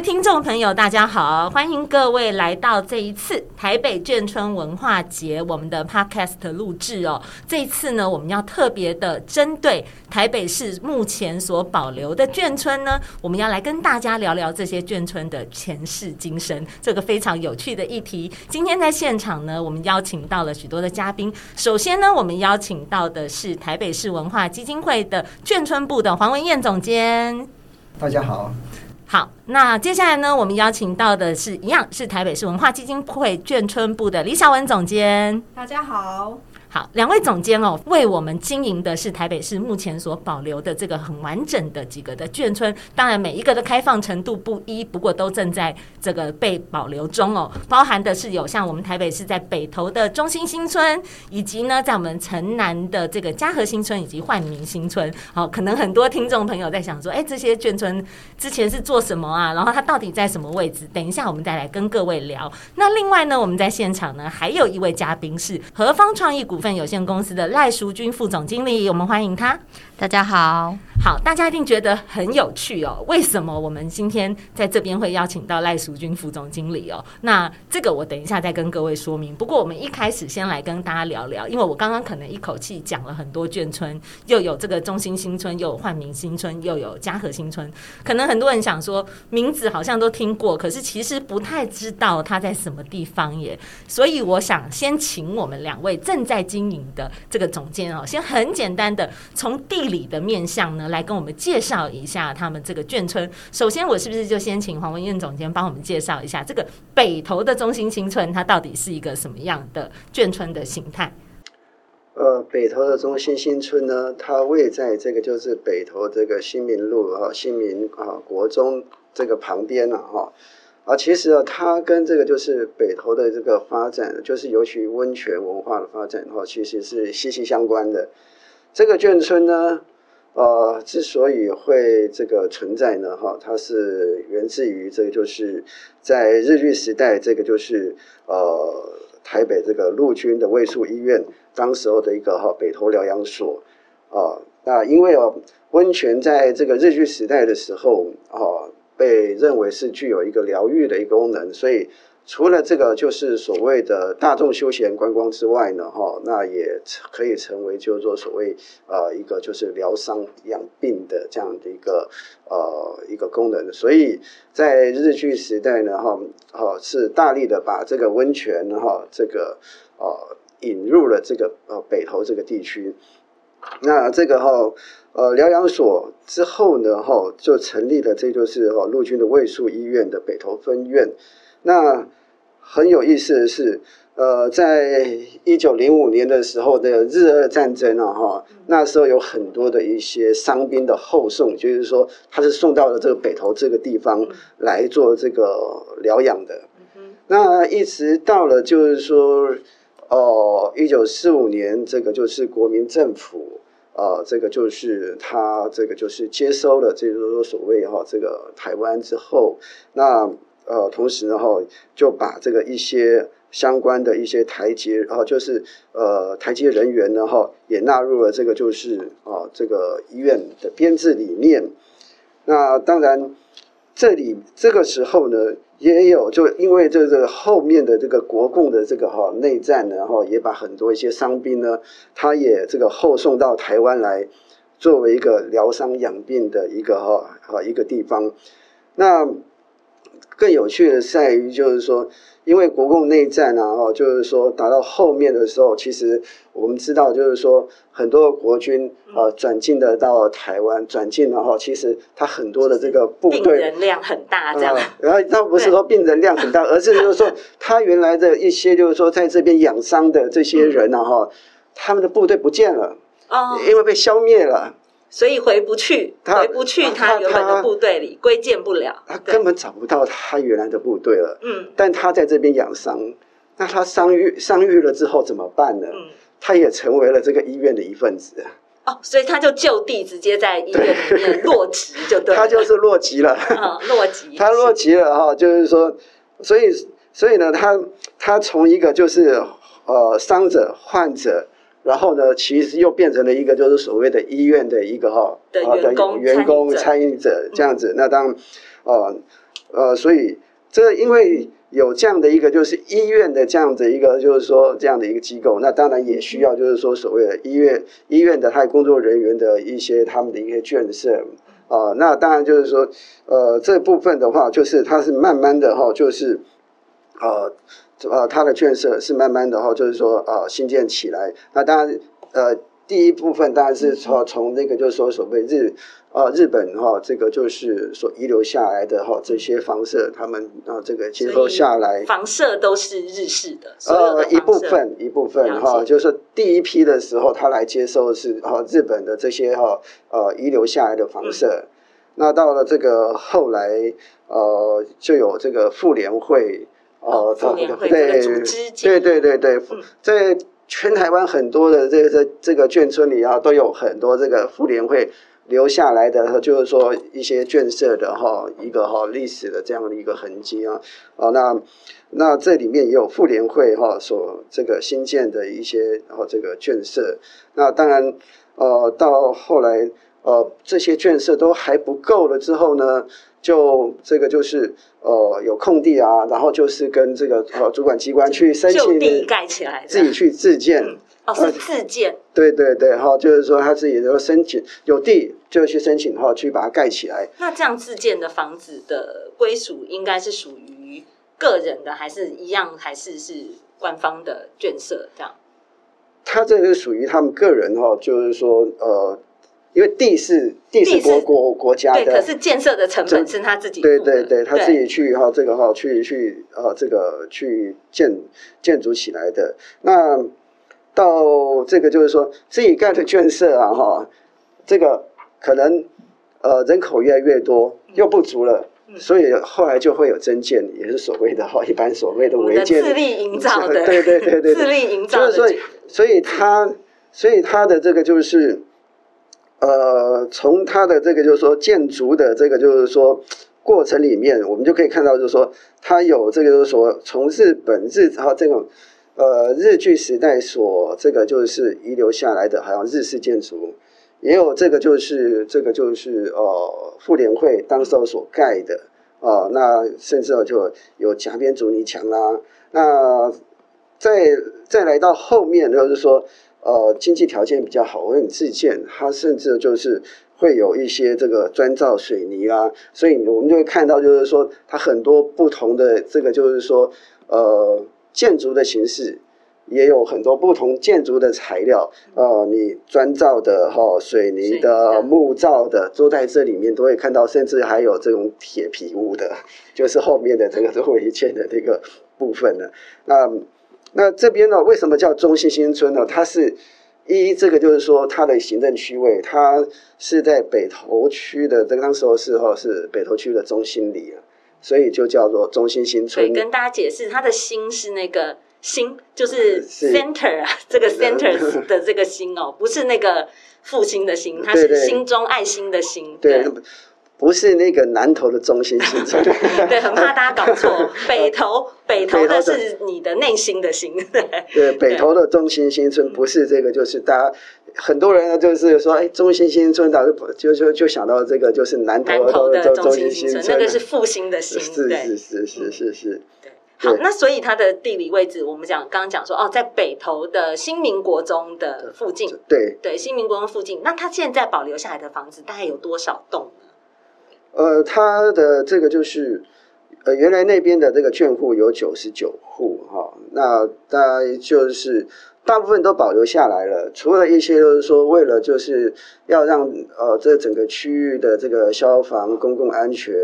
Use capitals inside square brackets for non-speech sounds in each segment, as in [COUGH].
聽眾朋友，大家好，歡迎各位來到這一次台北眷村文化節我們的 podcast 錄製哦。這次呢，我們要特別的針對台北市目前所保留的眷村呢，我們要來跟大家聊聊這些眷村的前世今生，這個非常有趣的議題。今天在現場呢，我們邀請到了許多的嘉賓。首先呢，我們邀請到的是台北市文化基金會的眷村部的黃文彥總監，大家好。好，那接下來呢，我們邀請到的是一樣是台北市文化基金會眷村部的李曉雯總監。大家好。好，兩位總監哦，為我們經營的是台北市目前所保留的這個很完整的幾個的眷村，當然每一個的開放程度不一，不過都正在這個被保留中哦。包含的是有像我們台北市在北投的中心新村，以及呢在我們城南的這個嘉禾新村以及煥民新村。好，哦，可能很多聽眾朋友在想說，哎，這些眷村之前是做什麼啊？然後它到底在什麼位置？等一下我們再來跟各位聊。那另外呢，我們在現場呢還有一位嘉賓是合方創意股。股份有限公司的賴淑君副總經理，我們歡迎他。大家好。好，大家一定覺得很有趣哦。為什麼我們今天在這邊會邀請到賴淑君副總經理哦？那這個我等一下再跟各位說明。不過我們一開始先來跟大家聊聊，因為我剛剛可能一口氣講了很多眷村，又有這個中心新村，又有煥民新村，又有嘉禾新村，可能很多人想說名字好像都聽過，可是其實不太知道它在什麼地方耶。所以我想先請我們兩位正在經營的這個總監哦，先很簡單的從地理的面向呢，來跟我們介紹一下他們這個眷村。首先，我是不是就先請黃文彥總監幫我們介紹一下這個北投的中心新村，它到底是一個什麼樣的眷村的形態？呃，北投的中心新村呢，它位在這個就是北投這個新民路啊、哦、新民啊、哦、國中這個旁邊了哈。哦啊，其實啊，它跟這個就是北投的這個發展，就是尤其溫泉文化的發展，哈，其實是息息相關的。這個眷村呢，呃，之所以會這個存在呢，哈，它是源自於這個就是在日據時代，這個就是呃台北這個陸軍的衛戍醫院，當時候的一個哈、哦、北投療養所啊、哦。那因為哦，溫泉在這個日據時代的時候，哦。被認為是具有一個療癒的一個功能，所以除了這個就是所謂的大眾休閒觀光之外呢，哈，那也可以成為就是說所謂呃一個就是療傷養病的這樣的一個呃一個功能。所以在日據時代呢，哈，哦是大力的把這個溫泉哈這個哦，呃，引入了這個呃北投這個地區。那這個哈、哦，呃，療養所之後呢，哈、哦，就成立了，這就是哈、哦，陸軍的衛戍醫院的北投分院。那很有意思的是，呃，在一九零五年的時候的日俄戰爭啊，哈，那時候有很多的一些傷兵的後送，就是說他是送到了這個北投這個地方來做這個療養的。那一直到了就是說。哦，一九四五年，這個就是國民政府啊、呃，這個就是他，這個就是接收了，這所謂哈、哦，這個台灣之後，那呃，同時呢哈、哦，就把這個一些相關的一些台籍啊、哦，就是呃，台籍人員呢哈、哦，也納入了這個就是哦，這個醫院的編制裡面。那當然。這裡這個時候呢，也有就因為這個後面的這個國共的這個哈、哦、內戰呢，哈、哦、也把很多一些傷兵呢，他也這個後送到台灣來，作為一個療傷養病的一個哈、哦、哈一個地方，那。更有趣的在於，就是說，因為國共內戰然後哦，就是說打到後面的時候，其實我們知道，就是說很多國軍啊轉進的到台灣，轉進的哈，其實他很多的這個部隊、呃、人量很大，這樣。然後，倒不是說病人量很大，而是就是說他原來的一些就是說在這邊養傷的這些人呢，哈，他們的部隊不見了哦，因為被消滅了。哦嗯所以回不去，他回不去，他原本的部隊裡歸建不了，他根本找不到他原來的部隊了。對嗯，但他在這邊養傷，那他傷愈傷愈了之後怎麼辦呢？嗯、他也成為了這個醫院的一份子。哦，所以他就就地直接在醫院裡面對 落籍，就對了 [LAUGHS] 他就是落籍了，嗯。啊，落籍，他落籍了哈，哦，就是說，所以所以呢，他他從一個就是呃傷者患者。然後呢，其實又變成了一個就是所謂的醫院的一個哈，對，的員工參與者這樣子。那當哦呃，所以這因為有這樣的一個就是醫院的這樣子一個就是說這樣的一個機構，那當然也需要就是說所謂的醫院、嗯、醫院的他的工作人員的一些他們的一些建設啊。那當然就是說呃這部分的話，就是它是慢慢的哈、呃，就是。呃，呃，他的眷舍是慢慢的哈，就是說呃，新建起來。那當然，呃，第一部分當然是從從那個就是說所謂日、嗯、呃，日本哈、哦，這個就是所遺留下來的哈、哦、這些房舍，他們啊、呃、這個接收下來，房舍都是日式的，的呃一部分一部分哈了解、哦，就是第一批的時候，他來接收的是、哦、日本的這些哈、哦、呃遺留下來的房舍。嗯、那到了這個後來，呃，就有這個婦聯會。哦，對對對對對對對對，嗯，在全台灣很多的這個這個眷村裡啊，都有很多這個婦聯會留下來的，就是說一些眷舍的哈一個哈歷史的這樣的一個痕跡啊。啊，那那這裡面也有婦聯會哈所這個新建的一些然後這個眷舍，那當然呃到後來呃這些眷舍都還不夠了之後呢。就這個就是呃，有空地啊，然後就是跟這個呃、哦、主管機關去申請，地蓋起來，自己去自建，嗯、哦、啊、是自建，對對對，哈、哦，就是說他自己就申請有地就去申請，哈、哦，去把它蓋起來。那這樣自建的房子的歸屬應該是屬於個人的，還是一樣，還是是官方的眷舍這樣？他這個屬於他們個人哈、哦，就是說呃。因為地是地是國國，國家的對，可是建設的成本是他自己的。對對對，他自己去哈對這個哈去去啊這個去建建築起來的。那到這個就是說自己幹的建設啊哈，這個可能呃人口越來越多又不足了，嗯嗯、所以後來就會有增建，也是所謂的哈一般所謂的違建的自立營造的，對對，對對對對，自力營造的。所以所以他所以他的這個就是。呃，從它的這個就是說建築的這個就是說過程裡面，我們就可以看到，就是說它有這個就是說從日本日，然後這種呃日據時代所這個就是遺留下來的，還有日式建築，也有這個就是這個就是呃婦聯會當時所蓋的哦、呃，那甚至哦就有夾邊竹泥牆啦、啊，那再再來到後面就是說。呃，經濟條件比較好，我很自建，它甚至就是會有一些這個磚造水泥啊，所以我們就會看到，就是說它很多不同的這個，就是說呃建築的形式，也有很多不同建築的材料，呃，你磚造的哈、哦，水泥的，泥的木造的，都在這裡面都會看到，甚至還有這種鐵皮屋的，就是後面的這個都違、這個、建的那個部分了，那。那這邊呢、哦？為什麼叫中心新村呢？它是一，這個就是說它的行政區位，它是在北投區的，這個那時候是、哦、是北投區的中心裡啊，所以就叫做中心新村。所以跟大家解釋，它的“心”是那個“心”，就是 center 是啊，這個 centers 的這個“心”哦，不是那個復興的“心”，它是心中愛心的“心”。對,對,對。對對不是那個南投的中心新村， [LAUGHS] 對，很怕大家搞錯。北投，北投的是你的內心的“心”。對，對北投的中心新村不是這個，就是大家很多人呢，就是說，哎，中心新村，早就就就想到這個，就是南投的中心新村，心新村那個是復興的「興」，對，是是是是是是。對，好，那所以它的地理位置，我們講剛剛講說，哦，在北投的新民國中的附近，對對，對，新民國中附近，那它現在保留下來的房子大概有多少棟？呃，他的這個就是，呃，原來那邊的這個眷戶有九十九戶哈、哦，那大家就是大部分都保留下來了，除了一些就是說為了就是要讓呃這整個區域的這個消防、公共安全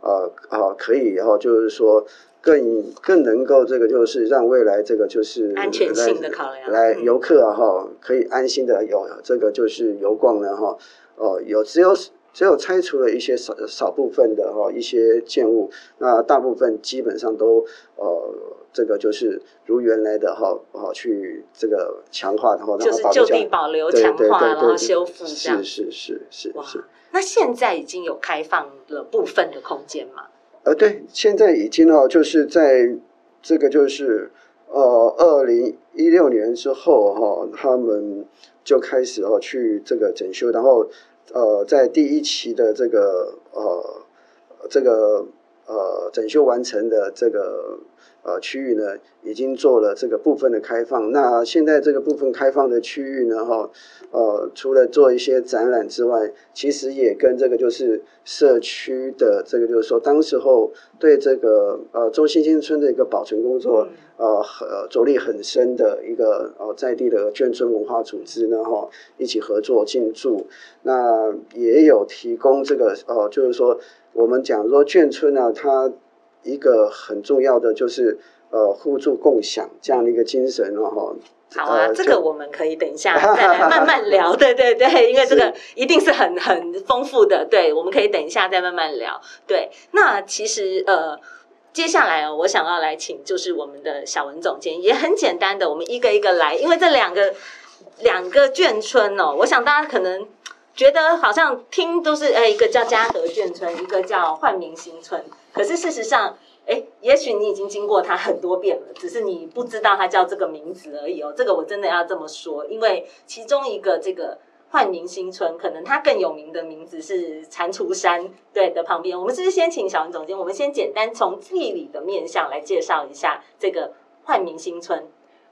呃，啊、呃、可以後、哦、就是說更更能夠這個就是讓未來這個就是安全性的考量來遊客哈、啊哦、可以安心的有這個就是遊逛了哈哦有只有。只有拆除了一些少少部分的哈、哦、一些建物，那大部分基本上都呃這個就是如原來的哈哈、哦、去這個強化然後。就是就地保留、強化然後修復這樣。是是是是是。那現在已經有開放了部分的空間嗎？呃，對，現在已經哦，就是在這個就是呃二零一六年之後哈、哦，他們就開始哦去這個整修，然後。呃，在第一期的這個呃，這個。呃，整修完成的這個呃區域呢，已經做了這個部分的開放。那現在這個部分開放的區域呢，哈，呃，除了做一些展覽之外，其實也跟這個就是社區的這個，就是說，當時候對這個呃中心新村的一個保存工作，嗯、呃，很着力很深的一個呃在地的眷村文化組織呢，哈，一起合作進駐。那也有提供這個呃，就是說。我們講說眷村呢，啊，它一個很重要的就是呃互助共享這樣的一個精神，然，呃、後好啊，就這個我們可以等一下再來慢慢聊， [LAUGHS] 對對對，因為這個一定是很很豐富的，對，我們可以等一下再慢慢聊。對，那其實呃接下來哦，我想要來請就是我們的小文總監，也很簡單的，我們一個一個來，因為這兩個兩個眷村哦，我想大家可能。覺得好像聽都是誒一個叫嘉禾新村，一個叫煥民新村。可是事實上，誒也許你已經經過它很多遍了，只是你不知道它叫這個名字而已哦。這個我真的要這麼說，因為其中一個這個煥民新村，可能它更有名的名字是蟾蜍山，對，的旁邊。我們是不是先請曉雯總監，我們先簡單從地理的面向來介紹一下這個煥民新村？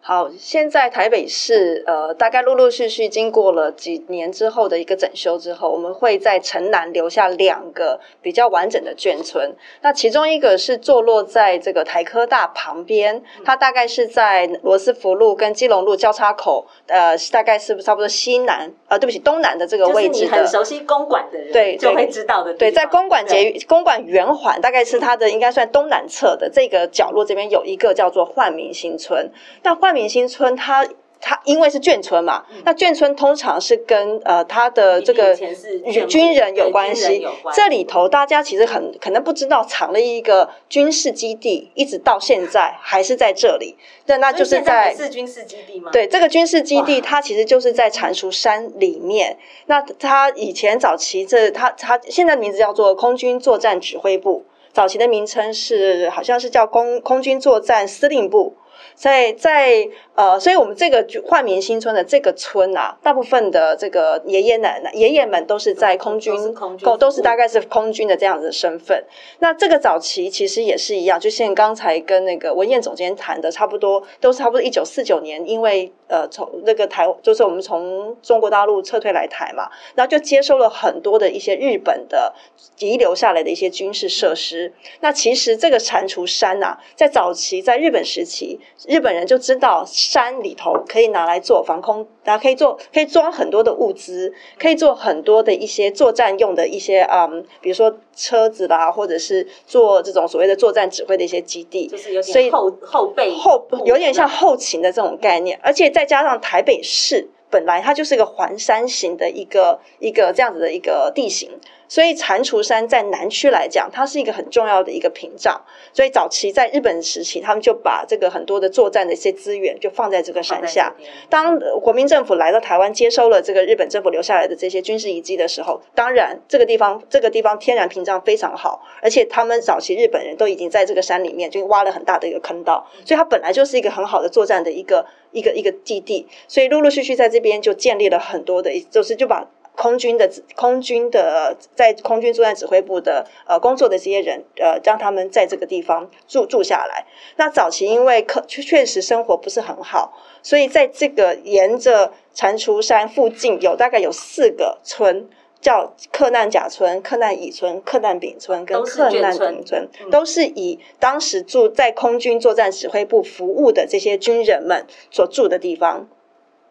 好，現在台北市呃，大概陸陸續續經過了幾年之後的一個整修之後，我們會在城南留下兩個比較完整的眷村。那其中一個是坐落在這個台科大旁邊，它大概是在羅斯福路跟基隆路交叉口，呃，大概是差不多西南呃，對不起，東南的這個位置。你很熟悉公館的人對，對，對就會知道的對。對，在公館結對公館圓環，大概是它的應該算東南側的這個角落這邊有一個叫做煥民新村。那煥煥民新村它，它它因為是眷村嘛，嗯、那眷村通常是跟呃他的這個以前是軍人有關係。關，這裡頭大家其實很可能不知道，藏了一個軍事基地，嗯、一直到現在還是在這裡。那、嗯、那就是在，在是軍事基地嗎？對，這個軍事基地它其實就是在蟾蜍山裡面。哇那它以前早期這它它現在名字叫做空軍作戰指揮部，早期的名稱是好像是叫空空軍作戰司令部。在在呃，所以我們這個煥民新村的這個村啊，大部分的這個爺爺奶奶、爺爺們都是在空軍，都是空軍，都是大概是空軍的這樣子的身份。那這個早期其實也是一樣，就像剛才跟那個文彥總監談的，差不多都差不多一九四九年，因為，呃，從那個台，就是我們從中國大陸撤退來台嘛，然後就接收了很多的一些日本的遺留下來的一些軍事設施。那其實這個蟾蜍山啊，在早期在日本時期，日本人就知道山裡頭可以拿來做防空。然後可以做，可以裝很多的物資，可以做很多的一些作戰用的一些啊、嗯，比如說車子啦，或者是做這種所謂的作戰指揮的一些基地，就是有點後所以後背後，有點像後勤的這種概念。嗯、而且再加上台北市本來它就是一個環山型的一個一個這樣子的一個地形，所以，蟾蜍山在南區來講，它是一個很重要的一個屏障。所以，早期在日本時期，他們就把這個很多的作戰的一些資源，就放在這個山下。當國民政府來到台灣，接收了這個日本政府留下來的這些軍事遺跡的時候，當然，這個地方，這個地方天然屏障非常好，而且他們早期日本人都已經在這個山裡面就挖了很大的一個坑道，所以它本來就是一個很好的作戰的一個一個一個基地，地。所以，陸陸續續在這邊就建立了很多的，就是就把。空軍的空軍的在空軍作戰指揮部的呃工作的這些人呃讓他們在這個地方住住下來。那早期因為客確實生活不是很好，所以在這個沿着蟾蜍山附近有大概有四個村叫克難甲村、克難乙村、克難丙村、克難村跟克難丁村，都是以當時住在空軍作戰指揮部服務的這些軍人們所住的地方。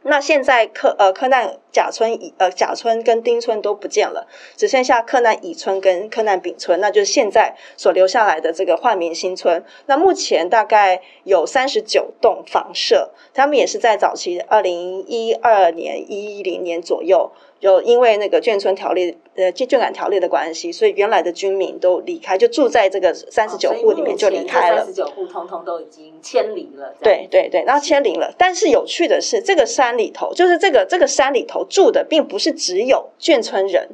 那現在克呃克難甲村、乙呃甲村跟丁村都不見了，只剩下克難乙村跟克難丙村，那就是現在所留下來的這個煥民新村。那目前大概有三十九棟房舍，他們也是在早期二零一二年一零年左右，就因為那個眷村條例。呃，眷改條例的關係，所以原來的居民都離開，就住在這個三十九戶裡面就離開了。三十九戶通通都已經遷離了對。對對對，然後遷離了。是，但是有趣的是，這個山裡頭，就是這個這個山裡頭住的，並不是只有眷村人。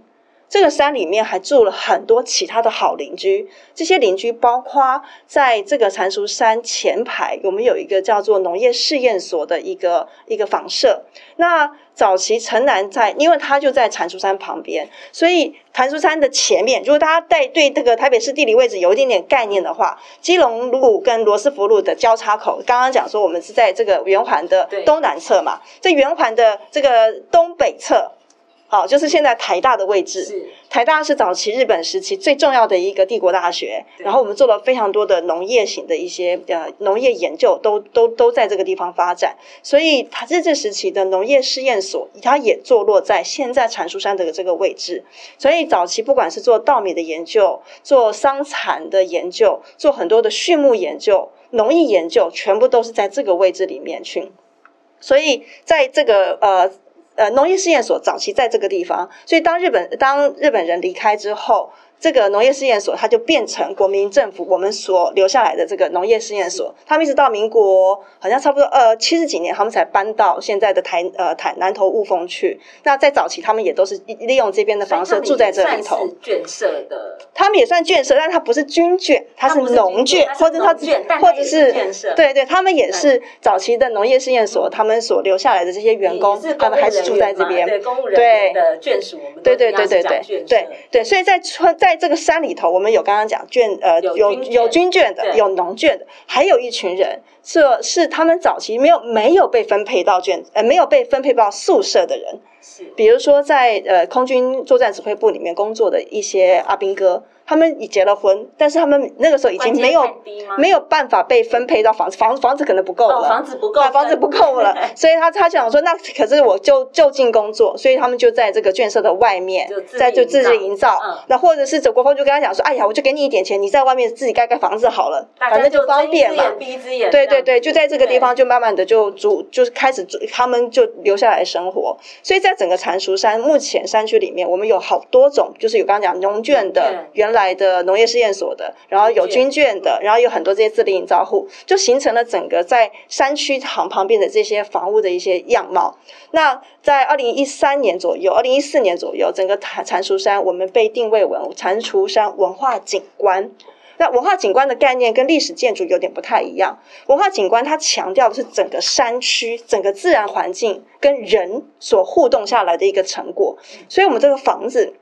這個山裡面還住了很多其他的好鄰居，這些鄰居包括在這個蟾蜍山前排，我們有一個叫做農業試驗所的一個一個房舍。那早期城南在，因為它就在蟾蜍山旁邊，所以蟾蜍山的前面，如果大家在對這個台北市地理位置有一點點概念的話，基隆路跟羅斯福路的交叉口，剛剛講說我們是在這個圓環的東南側嘛，對在圓環的這個東北側。好、哦，就是現在台大的位置。是台大是早期日本時期最重要的一個帝國大學。對然後我們做了非常多的農業型的一些呃農業研究，都都都在這個地方發展。所以，它日治時期的農業試驗所，它也坐落在現在蟾蜍山的這個位置。所以，早期不管是做稻米的研究、做桑蠶的研究、做很多的畜牧研究、農業研究，全部都是在這個位置裡面去。所以，在這個呃。呃，農業試驗所早期在這個地方，所以當日本當日本人離開之後，這個農業試驗所，它就變成國民政府我們所留下來的這個農業試驗所。他們一直到民國好像差不多呃七十幾年，他們才搬到現在的台呃台南投霧峰去。那在早期，他們也都是利用這邊的房舍住在這裡頭。眷舍的。他們也算眷舍，但它不是軍眷，它是農眷，或，他眷或者是或者是對對，他們也是早期的農業試驗所，他們所留下來的這些員工，員他們還是住在這邊。對，公務人員的眷屬對，對對對對對，對，所以在村，在在這個山裡頭，我們有剛剛講眷，呃，有軍有，有軍眷的，對有農眷的，還有一群人，這是，是他們早期沒有沒有被分配到眷，呃，沒有被分配到宿舍的人，是，比如說在呃空軍作戰指揮部裡面工作的一些阿兵哥。他們已結了婚，但是他們那個時候已經沒有沒有辦法被分配到房子，房房子可能不夠了，房子不夠了，房子不夠了，所以他他想說，那可是我就就近工作，所以他們就在這個眷舍的外面，就在就自己營造，嗯、那或者是走國峰就跟他講說，哎呀，我就給你一點錢，你在外面自己蓋蓋房子好了，反正就方便嘛，對對對，就在這個地方就慢慢的就住，對就是開始住，他們就留下來生活，所以在整個蟾蜍山對目前山區裡面，我們有好多種，就是有剛剛講農眷的原來。來的農業試驗所的，然後有軍眷的，然後有很多這些自力營造戶，就形成了整個在山區旁旁邊的這些房屋的一些樣貌。那在二零一三年左右，二零一四年左右，整個蟾蟾蜍山我們被定位為蟾蜍山文化景觀。那文化景觀的概念跟歷史建築有點不太一樣，文化景觀它強調的是整個山區、整個自然環境跟人所互動下來的一個成果。所以，我們這個房子，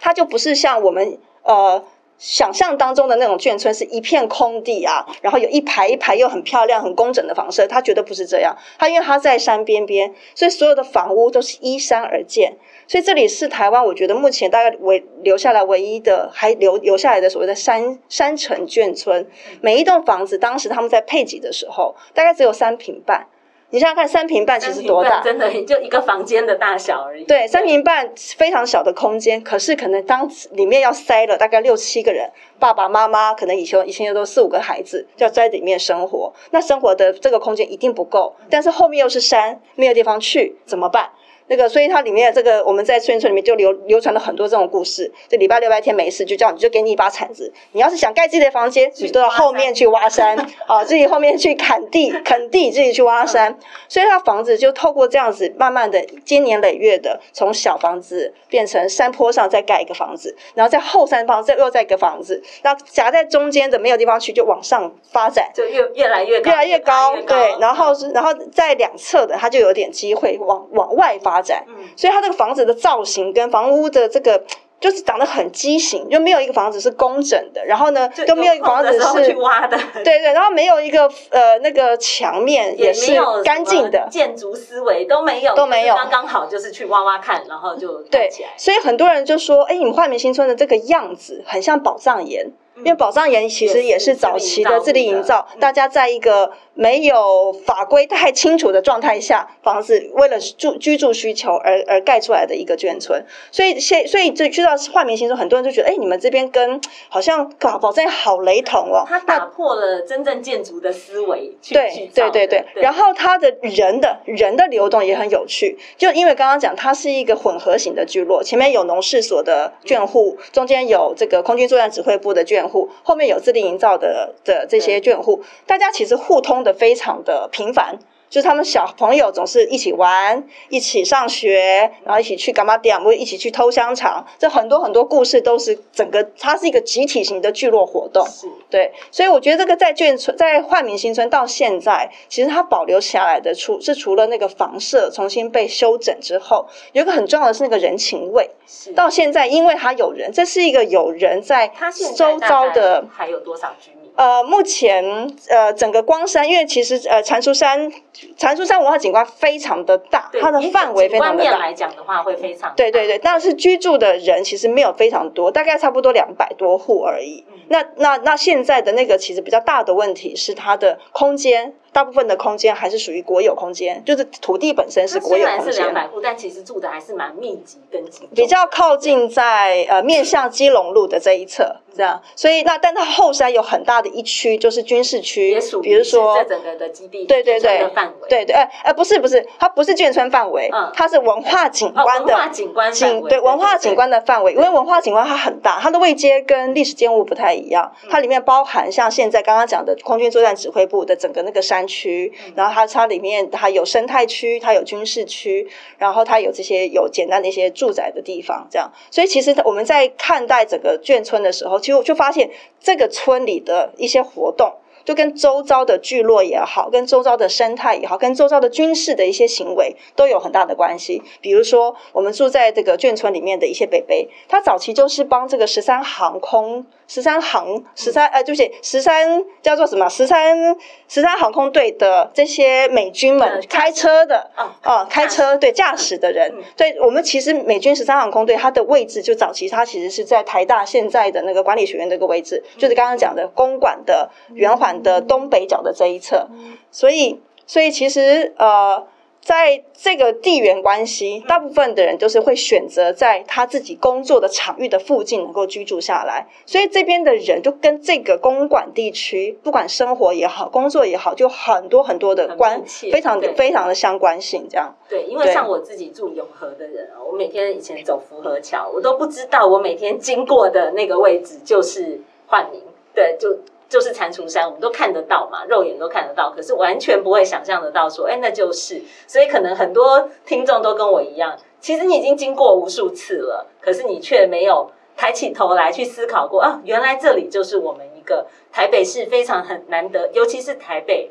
它就不是像我們。呃，想象當中的那種眷村是一片空地啊，然後有一排一排又很漂亮、很工整的房舍，它絕對不是這樣。他因為他在山邊邊，所以所有的房屋都是依山而建。所以這裡是台灣，我覺得目前大概唯留下來唯一的還留留下來的所謂的山山城眷村，每一棟房子當時他們在配給的時候，大概只有三坪半。你想想看，三坪半其實多大？真的就一個房間的大小而已。對，三坪半非常小的空間，對可是可能當裡面要塞了大概六七個人，爸爸媽媽可能以前以前有都四五個孩子就要在裡面生活，那生活的這個空間一定不夠。但是後面又是山，沒有地方去，怎麼辦？那個，所以它裡面這個，我們在村村裡面就流流傳了很多這種故事。這禮拜六白天沒事，就叫你就給你一把鏟子，你要是想蓋自己的房間，你就到後面去挖山啊，自己後面去砍地墾地，自己去挖山。所以他房子就透過這樣子，慢慢的，經年累月的，從小房子變成山坡上再蓋一個房子，然後在後山方再又再一個房子，那夾在中間的沒有地方去，就往上發展，就越越來越高，越來越高，對。然後然後在兩側的，它就有點機會往往外發。發展，嗯、所以他這個房子的造型跟房屋的這個就是長得很畸形，就沒有一個房子是工整的。然後呢，都沒有一個房子是去挖的，對對。然後沒有一個呃那個牆面也是乾淨的，建築思維都沒有都沒有，剛剛好就是去挖挖看，然後就對。所以很多人就說，哎、欸，你們煥民新村的這個樣子很像寶藏岩，嗯、因為寶藏岩其實也是早期的自力營造，大家在一個。沒有法規太清楚的狀態下，房子為了住居住需求而而蓋出來的一個眷村，所以現，所以就去到煥民新村，很多人就覺得，哎，你們這邊跟好像搞搞在好雷同哦。它打破了真正建築的思維對的對，對對對對。對然後它的人的人的流動也很有趣，就因為剛剛講，它是一個混合型的聚落，前面有農試所的眷戶，中間有這個空軍作戰指揮部的眷戶，後面有自力營造的的這些眷戶，對大家其實互通的非常的頻繁，就是他們小朋友總是一起玩，一起上學，然後一起去幹嘛點，不會一起去偷香腸，這很多很多故事都是整個，它是一個集體型的聚落活動。是，對，所以我覺得這個在眷村，在煥民新村到現在，其實它保留下來的，除是除了那個房舍重新被修整之後，有一個很重要的，是那個人情味。是，到現在，因為它有人，這是一個有人在收，它現在大概還有多少居？呃，目前呃，整個光山，因為其實呃，蟾蜍山蟾蜍山文化景觀非常的大，對它的範圍非常的大。對，景觀面來講的話會非常大。對對對，但是居住的人其實沒有非常多，大概差不多兩百多戶而已。嗯、那那那現在的那個其實比較大的問題是它的空間。大部分的空間還是屬於國有空間，就是土地本身是國有空間。雖然是兩百戶，但其實住的還是蠻密集跟集比較靠近在、嗯、呃面向基隆路的這一側，這樣。所以那但它後山有很大的一區，就是軍事區，比如說在整個的基地，對對對，範圍，對對哎哎、呃呃，不是不是，它不是眷村範圍，它是文化景觀的，嗯哦、文化景觀景對文化景觀的範圍，對對對對，因為文化景觀它很大，它的位階跟歷史建物不太一樣，它裡面包含像現在剛剛講的空軍作戰指揮部的整個那個山。區，嗯、然後它它裡面它有生態區，它有軍事區，然後它有這些有簡單的一些住宅的地方，這樣。所以其實我們在看待整個眷村的時候，其實我就發現這個村裡的一些活動，就跟周遭的聚落也好，跟周遭的生態也好，跟周遭的軍事的一些行為都有很大的關係。比如說，我們住在這個眷村裡面的一些北北，他早期就是幫這個十三航空。十三航，十三呃，就是十三叫做什麼，十三十三航空隊的這些美軍們開車的啊、嗯、開車，對，駕駛的人，對。我們其實美軍十三航空隊它的位置就早期它其實是在台大現在的那個管理學院這個位置，就是剛剛講的公館的圓環的東北角的這一側，所以所以其實呃。在這個地緣關係，大部分的人都是會選擇在他自己工作的場域的附近能夠居住下來，所以這邊的人就跟這個公館地區，不管生活也好，工作也好，就很多很多的關，非常對非常的相關性這樣。對，因為像我自己住永和的人啊，我每天以前走福和橋，我都不知道我每天經過的那個位置就是煥民，對，就。就是蟾蜍山，我們都看得到嘛，肉眼都看得到，可是完全不會想象得到說，說、欸、哎，那就是，所以可能很多聽眾都跟我一樣，其實你已經經過無數次了，可是你卻沒有抬起頭來去思考過啊，原來這裡就是我們一個台北市非常很難得，尤其是台北。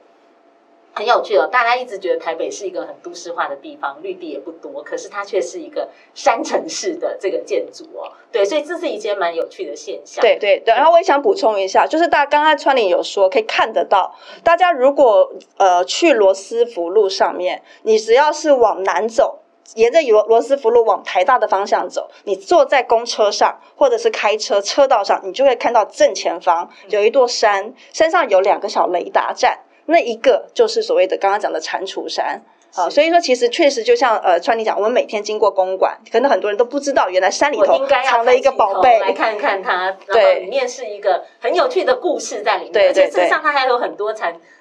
很有趣哦，大家一直覺得台北是一個很都市化的地方，綠地也不多，可是它卻是一個山城式的這個建築哦，對，所以這是一件蠻有趣的現象的對。對對對，然後我也想補充一下，就是大家剛剛川里有說可以看得到，大家如果呃去羅斯福路上面，你只要是往南走，沿着羅羅斯福路往台大的方向走，你坐在公車上或者是開車車道上，你就會看到正前方有一座山，山上有兩個小雷達站。那一個就是所謂的剛剛講的蟾蜍山啊，所以說其實確實就像呃川妮講，我們每天經過公館，可能很多人都不知道原來山裡頭藏了一個寶貝，我們來看看它。對，裡面是一個很有趣的故事在裡面，而且事實上它還有很多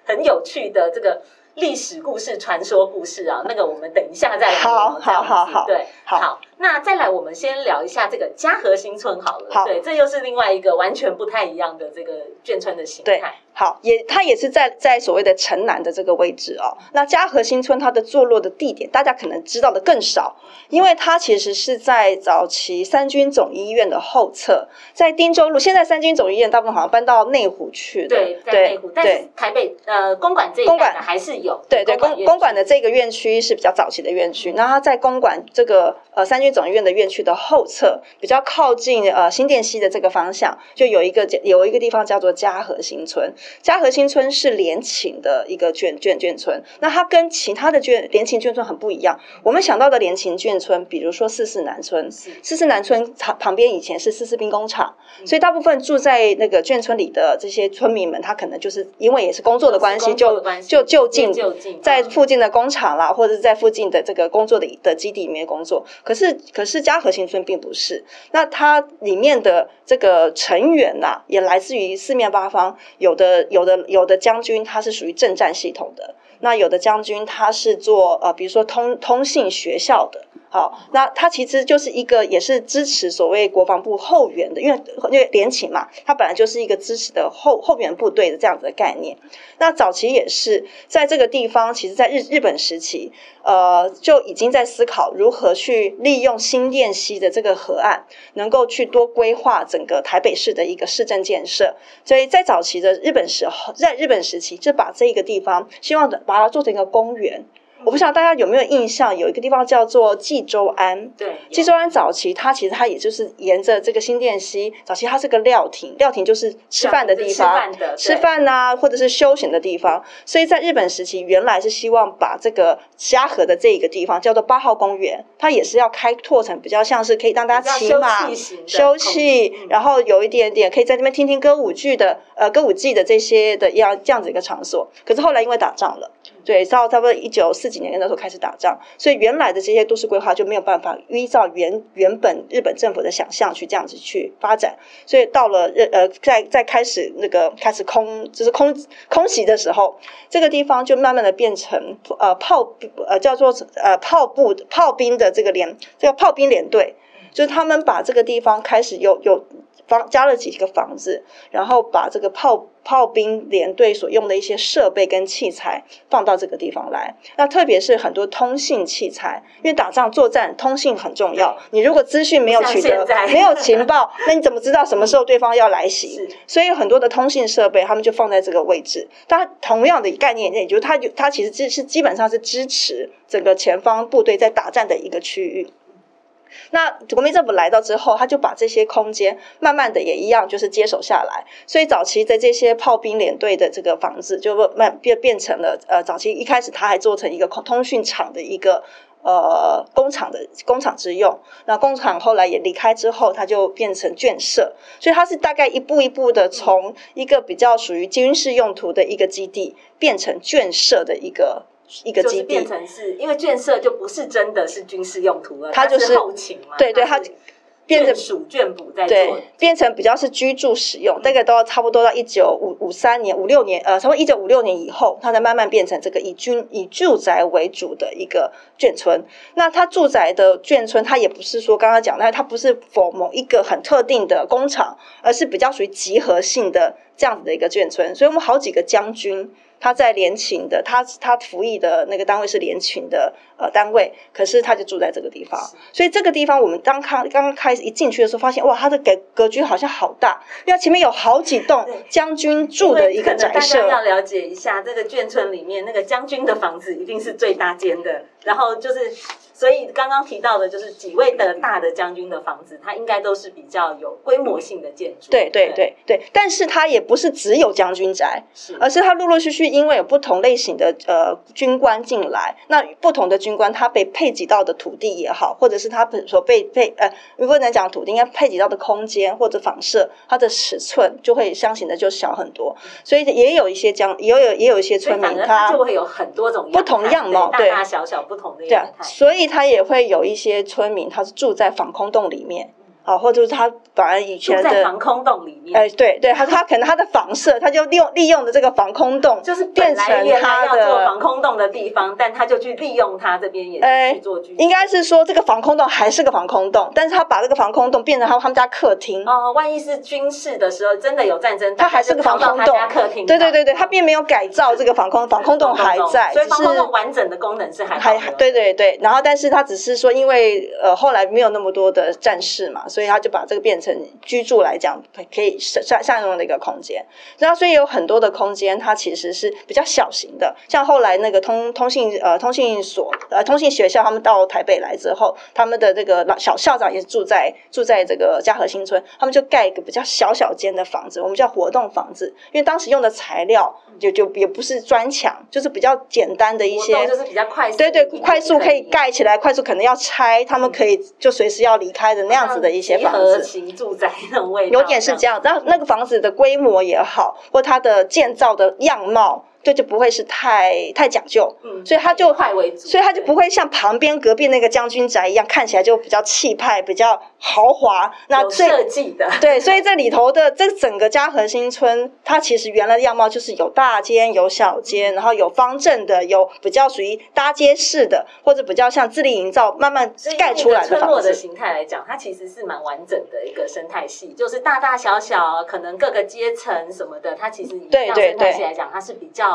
很有趣的這個歷史故事、傳說故事啊。那個我們等一下再聊，好好好好對好，那再來我們先聊一下這個嘉禾新村好了。對，這又是另外一個完全不太一樣的這個眷村的形態。好，也它也是在在所謂的城南的這個位置哦。那嘉禾新村它的坐落的地點，大家可能知道的更少，因為它其實是在早期三軍總醫院的後側，在汀州路。現在三軍總醫院大部分好像搬到內湖去的。對對對，台北呃公館這公館還是有，對對公公館的這個院區是比較早期的院區。那、嗯、它在公館這個呃三軍總醫院的院區的後側，比較靠近呃新店溪的這個方向，就有一個有一個地方叫做嘉禾新村。嘉禾新村是聯勤的一個眷眷眷村，那它跟其他的眷聯勤眷村很不一樣。我們想到的聯勤眷村，比如說四四南村，是四四南村旁邊以前是四四兵工廠，所以大部分住在那個眷村裡的這些村民們，他可能就是因為也是工作的關係，就就就近在附近的工廠啦，或者在附近的這個工作的的基地裡面工作。可是可是嘉禾新村並不是，那它裡面的這個成員吶、啊，也來自於四面八方，有的。有的有的將軍他是屬於政戰系統的，那有的將軍他是做呃，比如說通通信學校的。好，那它其實就是一個也是支持所謂國防部後援的，因為因為聯勤嘛，它本來就是一個支持的後後援部隊的這樣子的概念。那早期也是在這個地方，其實在日日本時期，呃，就已經在思考如何去利用新店溪的這個河岸，能夠去多規劃整個台北市的一個市政建設。所以在早期的日本時候，在日本時期，就把這一個地方希望把它做成一個公園。我不知道大家有沒有印象，有一個地方叫做紀州庵。對，紀州庵早期它其實它也就是沿着這個新店溪，早期它是個料亭，料亭就是吃飯的地方，吃飯吶、啊，或者是休閒的地方。所以在日本時期，原來是希望把這個嘉禾的這一個地方叫做八號公園，它也是要開拓成比較像是可以讓大家騎馬、休息，然後有一點點可以在這邊聽聽歌舞劇的呃歌舞伎的這些的樣這樣子一個場所。可是後來因為打仗了。對，到差不多一九四幾年的時候開始打仗，所以原來的這些都市規劃就沒有辦法依照原原本日本政府的想象去這樣子去發展，所以到了日呃，在在開始那個開始空就是空空襲的時候，這個地方就慢慢的變成呃炮呃叫做呃炮部炮兵的這個連這個炮兵連隊。就是他們把這個地方開始有有房加了幾個房子，然後把這個炮炮兵連隊所用的一些設備跟器材放到這個地方來。那特別是很多通信器材，因為打仗作戰通信很重要，你如果資訊沒有取得，沒有情報， [LAUGHS] 那你怎麼知道什麼時候對方要來襲？是所以很多的通信設備他們就放在這個位置。但同樣的概念也就是它，它其實支是基本上是支持整個前方部隊在打仗的一個區域。那國民政府來到之後，他就把這些空間慢慢的也一樣，就是接手下來。所以早期的這些炮兵連隊的這個房子，就慢慢變變成了呃，早期一開始他還做成一個通訊廠的一個呃工廠的工廠之用。那工廠後來也離開之後，它就變成眷舍。所以它是大概一步一步的從一個比較屬於軍事用途的一個基地，變成眷舍的一個。一個基地變成是因為眷舍就不是真的是軍事用途了，它就是、它是後勤嘛。對對，它變成屬眷補在做對，變成比較是居住使用。大概、嗯、都要差不多到一九五三年五六年，呃，差不多一九五六年以後，它才慢慢變成這個以軍以住宅為主的一個眷村。那它住宅的眷村，它也不是說剛剛講，但它不是 for 某一個很特定的工廠，而是比較屬於集合性的這樣子的一個眷村。所以我們好幾個將軍。他在聯勤的，他他服役的那個單位是聯勤的呃單位，可是他就住在這個地方，是所以這個地方我們剛開剛開始一進去的時候，發現哇，它的格格局好像好大，因為前面有好幾棟將軍住的一個宅舍。可能大家要了解一下，這個眷村裡面那個將軍的房子一定是最大間的，然後就是。所以剛剛提到的就是幾位的大的將軍的房子，它應該都是比較有規模性的建築。對對對對，對，對，但是它也不是只有將軍宅，是而是它陸陸續續因為有不同類型的呃軍官進來，那不同的軍官他被配給到的土地也好，或者是他所被被呃，如果能講土地，應該配給到的空間或者房舍，它的尺寸就會相形的就小很多。所以也有一些將，也有也有一些村民，他就會有很多種不同樣貌對，大大小小不同的樣貌，啊。所以。他也會有一些村民，他是住在防空洞裡面。哦，或者是他反而以前在防空洞裡面。哎，對對，他他可能他的房舍，他就利用利用的這個防空洞，就是變成他要做防空洞的地方，但他就去利用他這邊也做軍。哎，應該是說這個防空洞還是個防空洞，但是他把這個防空洞變成他他們家客廳。哦，萬一是軍事的時候，真的有戰爭，他還是個防空洞客廳。對對對對，他並沒有改造這個防空防空洞還在，所以防空洞完整的功能是還還對對對。然後，但是他只是說，因為呃後來沒有那麼多的戰事嘛。所以他就把這個變成居住來講，可以善善用的一個空間。然後所以有很多的空間，它其實是比較小型的。像後來那個通通信呃通信所呃、啊、通信學校，他們到台北來之後，他們的這個老小校長也住在住在這個嘉禾新村，他們就蓋一個比較小小間的房子，我們叫活動房子。因為當時用的材料就就也不是磚牆，就是比較簡單的一些，就是比較快速，對，對對，快速可以蓋起來，以快速可能要拆，他們可以就隨時要離開的那樣子的一些。一子型住宅那位有點是這樣。然後那個房子的規模也好，或它的建造的樣貌。這就,就不會是太太講究，嗯，所以他就快為主所以他就不會像旁邊隔壁那個將軍宅一樣，對看起來就比較氣派、比較豪華。那設計的對，好所以這裡頭的這整個嘉禾新村，它其實原來的樣貌就是有大間、有小間，然後有方正的，有比較屬於搭接式的，或者比較像自力營造慢慢蓋出來的房我的形態來講，它其實是蠻完整的。一個生態系就是大大小小，可能各個階層什麼的，它其實對對，對，對。對。來講，它是比較。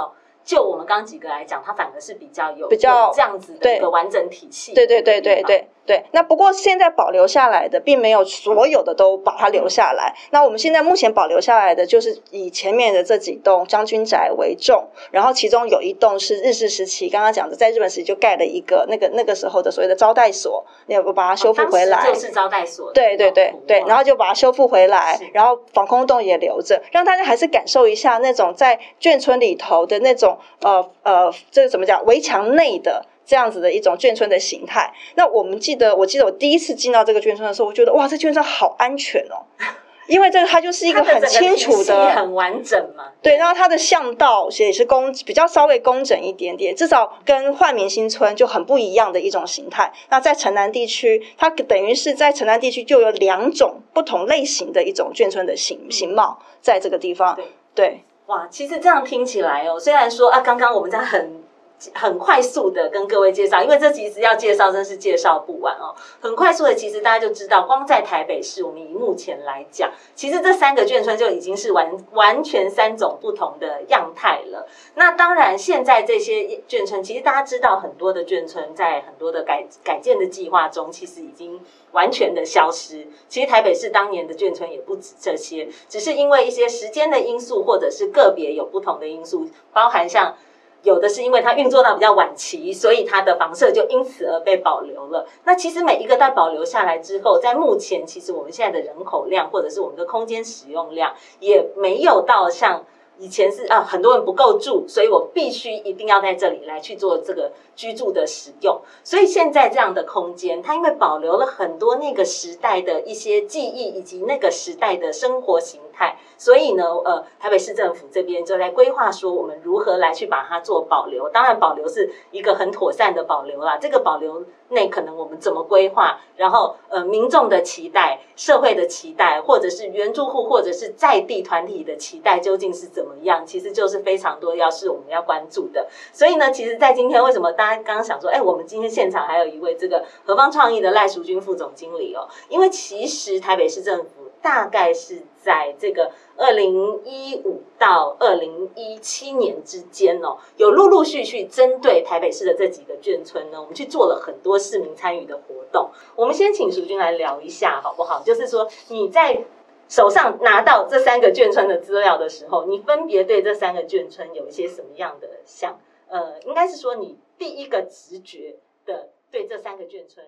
就我們剛幾個來講，它反而是比較有比較這樣子的一個完整體系的。對對對對對，對。對，那不過現在保留下來的，並沒有所有的都把它留下來。嗯、那我們現在目前保留下來的就是以前面的這幾棟將軍宅為重，然後其中有一棟是日式時期，剛剛講的在日本時期就蓋了一個那個那個時候的所謂的招待所，那我把它修復回來，哦、就是招待所對。對對對對，然後就把它修復回來，是然後防空洞也留着，讓大家還是感受一下那種在眷村裡頭的那種呃呃，這怎麼講，圍牆內的。這樣子的一種眷村的形態，那我們記得，我記得我第一次進到這個眷村的時候，我覺得哇，這眷村好安全哦，因為這個它就是一個很清楚的、的很完整嘛。對，然後它的巷道也是工比較稍微工整一點點，至少跟煥民新村就很不一樣的一種形態。那在城南地區，它等於是在城南地區就有兩種不同類型的一種眷村的形形、嗯、貌，在這個地方。對，對哇，其實這樣聽起來哦，雖然說啊，剛剛我們在很。很快速的跟各位介紹，因為這其實要介紹，真是介紹不完哦。很快速的，其實大家就知道，光在台北市，我們以目前來講，其實這三個眷村就已經是完完全三種不同的樣態了。那當然，現在這些眷村，其實大家知道，很多的眷村在很多的改改建的計劃中，其實已經完全的消失。其實台北市當年的眷村也不止這些，只是因為一些時間的因素，或者是個別有不同的因素，包含像。有的是因為它運作到比較晚期，所以它的房舍就因此而被保留了。那其實每一個在保留下來之後，在目前其實我們現在的人口量或者是我們的空間使用量，也沒有到像以前是啊很多人不夠住，所以我必須一定要在這裡來去做這個居住的使用。所以現在這樣的空間，它因為保留了很多那個時代的一些記憶以及那個時代的生活形。Hi, 所以呢，呃，台北市政府這邊就在規劃說，我們如何來去把它做保留。當然，保留是一個很妥善的保留啦。這個保留內可能我們怎麼規劃，然後呃，民眾的期待、社會的期待，或者是原住戶或者是在地團體的期待，究竟是怎麼樣？其實就是非常多要，要是我們要關注的。所以呢，其實，在今天為什麼大家剛剛想說，哎、欸，我們今天現場還有一位這個合方創意的賴淑君副總經理哦、喔，因為其實台北市政。大概是在這個二零一五到二零一七年之間哦，有陸陸續續針對台北市的這幾個眷村呢，我們去做了很多市民參與的活動。我們先請淑君來聊一下好不好？就是說你在手上拿到這三個眷村的資料的時候，你分別對這三個眷村有一些什麼樣的像？呃，應該是說你第一個直覺的對這三個眷村。